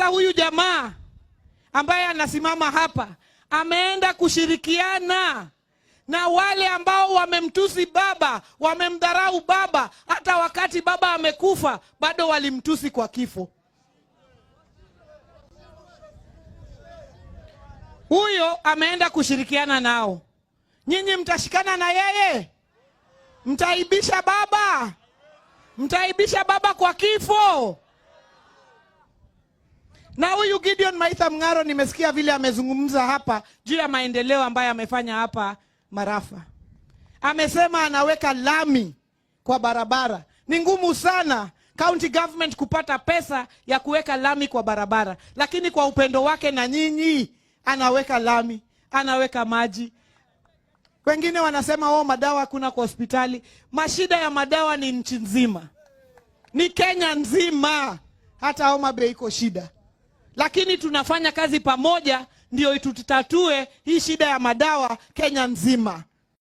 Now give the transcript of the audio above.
Sasa huyu jamaa ambaye anasimama hapa ameenda kushirikiana na wale ambao wamemtusi baba, wamemdharau baba. Hata wakati baba amekufa bado walimtusi kwa kifo. Huyo ameenda kushirikiana nao. Nyinyi mtashikana na yeye? Mtaibisha baba? Mtaibisha baba kwa kifo? Na huyu Gideon Maitha Mng'aro nimesikia vile amezungumza hapa juu ya maendeleo ambayo amefanya hapa Marafa. Amesema anaweka lami kwa barabara. Ni ngumu sana county government kupata pesa ya kuweka lami kwa barabara, lakini kwa upendo wake na nyinyi anaweka lami, anaweka maji. Wengine wanasema oh, madawa hakuna kwa hospitali. Mashida ya madawa ni nchi nzima, ni Kenya nzima, hata Homa Bay iko shida lakini tunafanya kazi pamoja, ndio tutatue hii shida ya madawa Kenya nzima.